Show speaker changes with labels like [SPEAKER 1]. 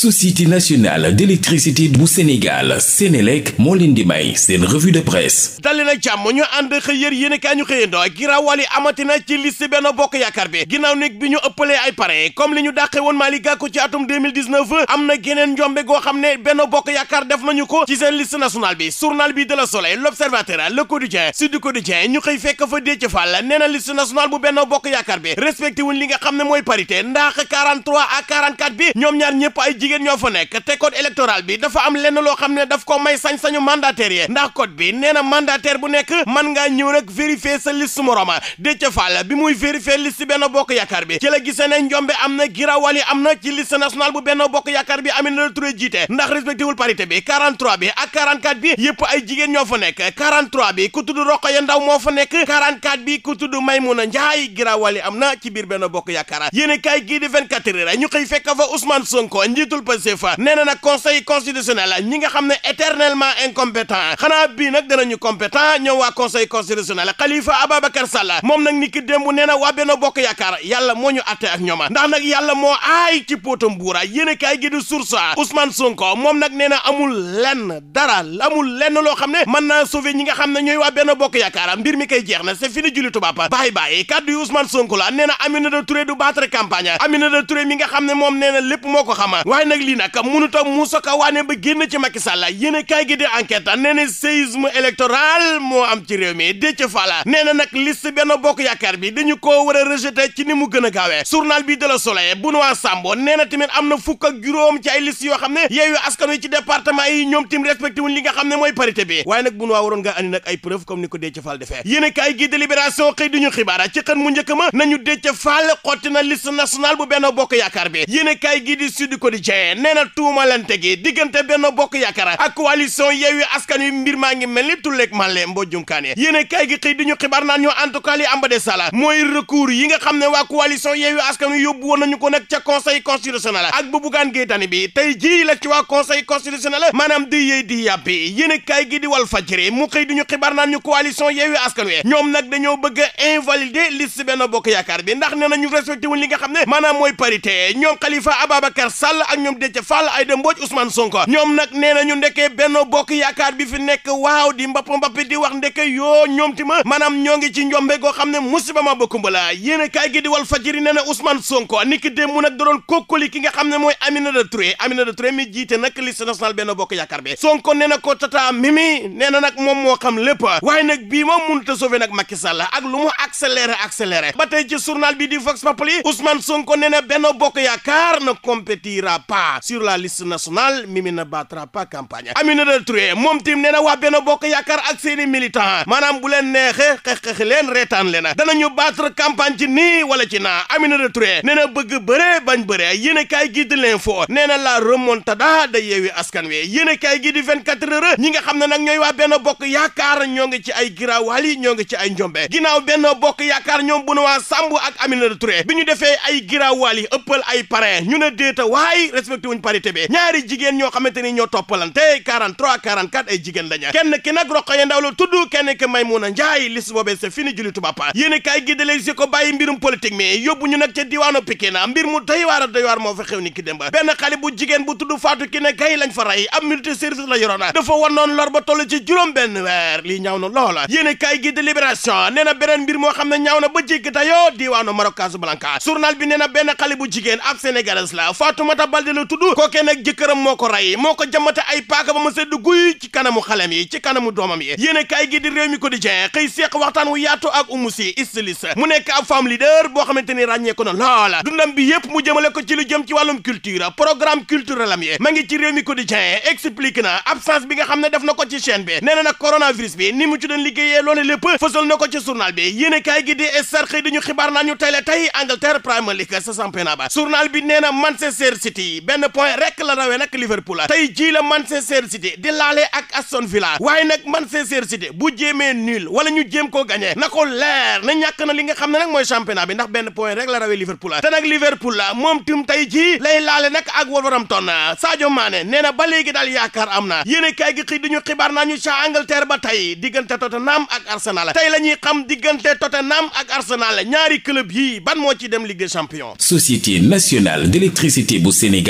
[SPEAKER 1] société nationale d'électricité bu Sénégal Sénélec moo leen di may seen revue de presse dali na jàmm ñu ànd xëy yér yéenekaay ñu xëyandoo giraawal yi amatina ci liste Benno Bokk Yaakaar bi ginnaaw nekk bi ñu ëppalee ay parrain comme li ñu dàqe woon Malick Gakou ci atum am na geneen njombe goo xam ne Benno Bokk Yaakaar def nañu ko ci seen liste nationale bi journal bi de la Soleil l'Observateur Le Quotidien Sud Quotidien ñu xëy fekk fa Déthié Fall nee na liste nationale bu Benno Bokk jigéen ñoo fa nekk te code électoral bi dafa am lenn loo xam ne daf ko may sañ-sañu mandataire yi ndax code bi nee na bu nekk man ngaa ñëw rek vérifier sa liste moroma Déthié Fall bi muy vérifier liste Benno Bokk Yaakaar bi ci la gisee ne njombe am na girawali am na ci liste nationale bu Benno Bokk Yaakaar bi Aminata Touré jiite ndax respecté wul parité bi 43 bi ak 44 bi yëpp ay jigéen ñoo fa nekk 43 bi ku tudd Rokhaya Ndaw moo fa nekk 44 bi ku tudd Maymuna Njaay girawali am njiitul Pastef nee na nag conseil constitutionnel xam ne éternellement incompétent xanaa bii nag danañu compétent ñoom waa conseil constitutionnel Khalifa Ababacar moom nag ni ki démb nee na Benno Bokk Yaakaar yàlla moo ñu atte ñooma ndax nag yàlla moo aay ci póotam buura yéen kaay gi di source Ousmane moom nag nee amul lenn dara amul lenn loo xam ne mën naa sauver ñi xam ne ñooy waa Benno Bokk Yaakaar mbir mi kay jeex na c'est fini julli tubaab bàyyi bàyyi kàddu la nee na Aminata Touré na lépp moo nag lii nag mënut a muusa ka waane ba génn ci Macky Sall yéen kaay gi di enquête nee na séisme moo am ci réew mi Déthié Fall nee na nag liste benn bokk yaakaar bi dañu ko war a rejeté ci ni mu gën a gaawee journal bi de la Soleil Benoît Sambou nee na tamit am na fukk ak juróom ci ay liste yoo xam ne yeeyu askan wi ci département yi ñoom tim respecté wuñ li nga xam ne mooy parité bi waaye nag Benoît waroon nga andi nag ay preuve comme ni ko Déthié Fall defee yéen kaay gi di Libération xëy duñu xibaar ci xën mu na liste nationale bu benn bokk yaakaar bi yéen kaay Quotidien nee na tuumalante gi diggante benn bokk yaakaar ak coalition Yewwi Askan Wi mbir maa ngi mel ni tulleeg màlle mbojjum kaane yéene kay gi xëy di ñu xibaar naan ñoo en tout ambade sala mooy recours yi nga xam ne waa coalition Yewwi Askan Wi yóbbu woon ko nag ca conseil constitutionnel ak bu bugaan géytani bi tey jii la ci waa conseil constitutionnel maanaam di yëy di yàbbi yéene kay gi di wal fajri mu xëy di ñu xibaar a na ñu respecté wuñ li nga ñoom Khalifa ñoom Déthié Fall Aïda Mbodj Ousmane Sonko ñoom nag nee na ñu ndekkee Benno Bokk Yaakaar bi fi nekk waaw di mbapp mbappi di wax ndekke yoo ñoom ti ma maanaam ñoo ngi ci njombe goo xam ne musiba ma bëkkumba la yéen a kaay gi di Walf Fadjri na Ousmane Sonko niki démb mu nag da doon ki nga xam ne mooy Aminata Touré Aminata Touré mi jiite nag liste nationale Benno Bokk Yaakaar bi Sonko nee na ko tata mimi nee na nag moom moo xam lépp waaye nag bii moom mënut a so nag Macky Sall ak lu mu accéléré accéléré ba tey ci bi di Vox Populi Ousmane Sonko nee na Benno Bokk Yaakaar na compétira pas sur la list nationale Mimi ne battra pas campagne Aminata Touré moom tim nee na waa Benno Bokk Yaakaar ak seeni militant maanaam bu leen neexee xex-xex leen reetaan dana ñu battre campagne ci nii wala ci naa Aminata Touré nee na bëgg bëree bañ bëree yéen kaay gi di l'info nee na la remontada da yeewi askan we yéen kaay gi di 24 heures ñi nga xam ne nag ñooy waa Benno Bokk Yaakaar ñoo ngi ci ay giraawaal yi ñoo ngi ci ay njombe ginnaaw Benno Bokk Yaakaar ñoom bu nu waa Samb ak Aminata Touré bi ñu defee ay giraawaal yi ëppal ay parrain ñu ne déeta waay respecté wuñ parité bi ñaari jigéen ñoo xamante ni ñoo toppalante 43 44 ay jigéen lañu kenn ki nag Rokhaya Ndaw la tudd kenn ki Maymuna Njaay liste boobee c'est fini julli tubappa yéen kaay gi dalee si ko bàyyi mbirum politique mi yóbbu ñu nag ca diwaanu Pikine mbir mu doy moo fa xew ni ki ba benn xale bu jigéen bu tudd Fatou Kiné Gaye lañ fa rey am multi service la yoroona dafa wan noonu ba toll ci benn weer lii na loola yéen kaay moo xam ne ñaaw na ba jéggi dayoo diwaanu Maroc Casablanca bi nee na benn xale bu jigéen ab sénégalaise la Fatoumata Baldé Kanté la tudd kookee nag jëkkëram moo ko rey moo ko jamate ay paaka ba ma sedd guy ci kanamu xalem yi ci kanamu doomam yi yéen a kaay gi di réew mi quotidien xëy seeq waxtaan wu yaatu ak Oumou Sy styliste mu nekk ab femme leader boo xamante ni ràññee ko na loola dundam bi yépp mu jëmale ko ci lu jëm ci wàllum culture programme culturel am yi ma ngi ci réew mi quotidien explique na absence bi nga xam ne def na ko ci chaîne bi nee na nag coronavirus bi ni mu ci doon benn point rek la rawee nag Liverpool tey jii la Manchester City di laalee ak Aston Villa waaye nag Manchester City bu jéemee nul wala ñu jéem koo gagné na ko leer na ñàkk na li nga xam ne nag mooy championnat bi ndax benn point rek la rawee Liverpool te nag Liverpool moom tim tey jii lay laale nag ak Wolverhampton Sadio maane nee na ba léegi daal yaakaar am na yéen kay gi xëy ñu xibaar naa ñu ca Angleterre ba tey diggante Tottenham ak Arsenal tey la ñuy xam diggante Tottenham ak Arsenal ñaari club yii ban moo ci dem Ligue des Champions. Société nationale d'électricité bu Sénégal.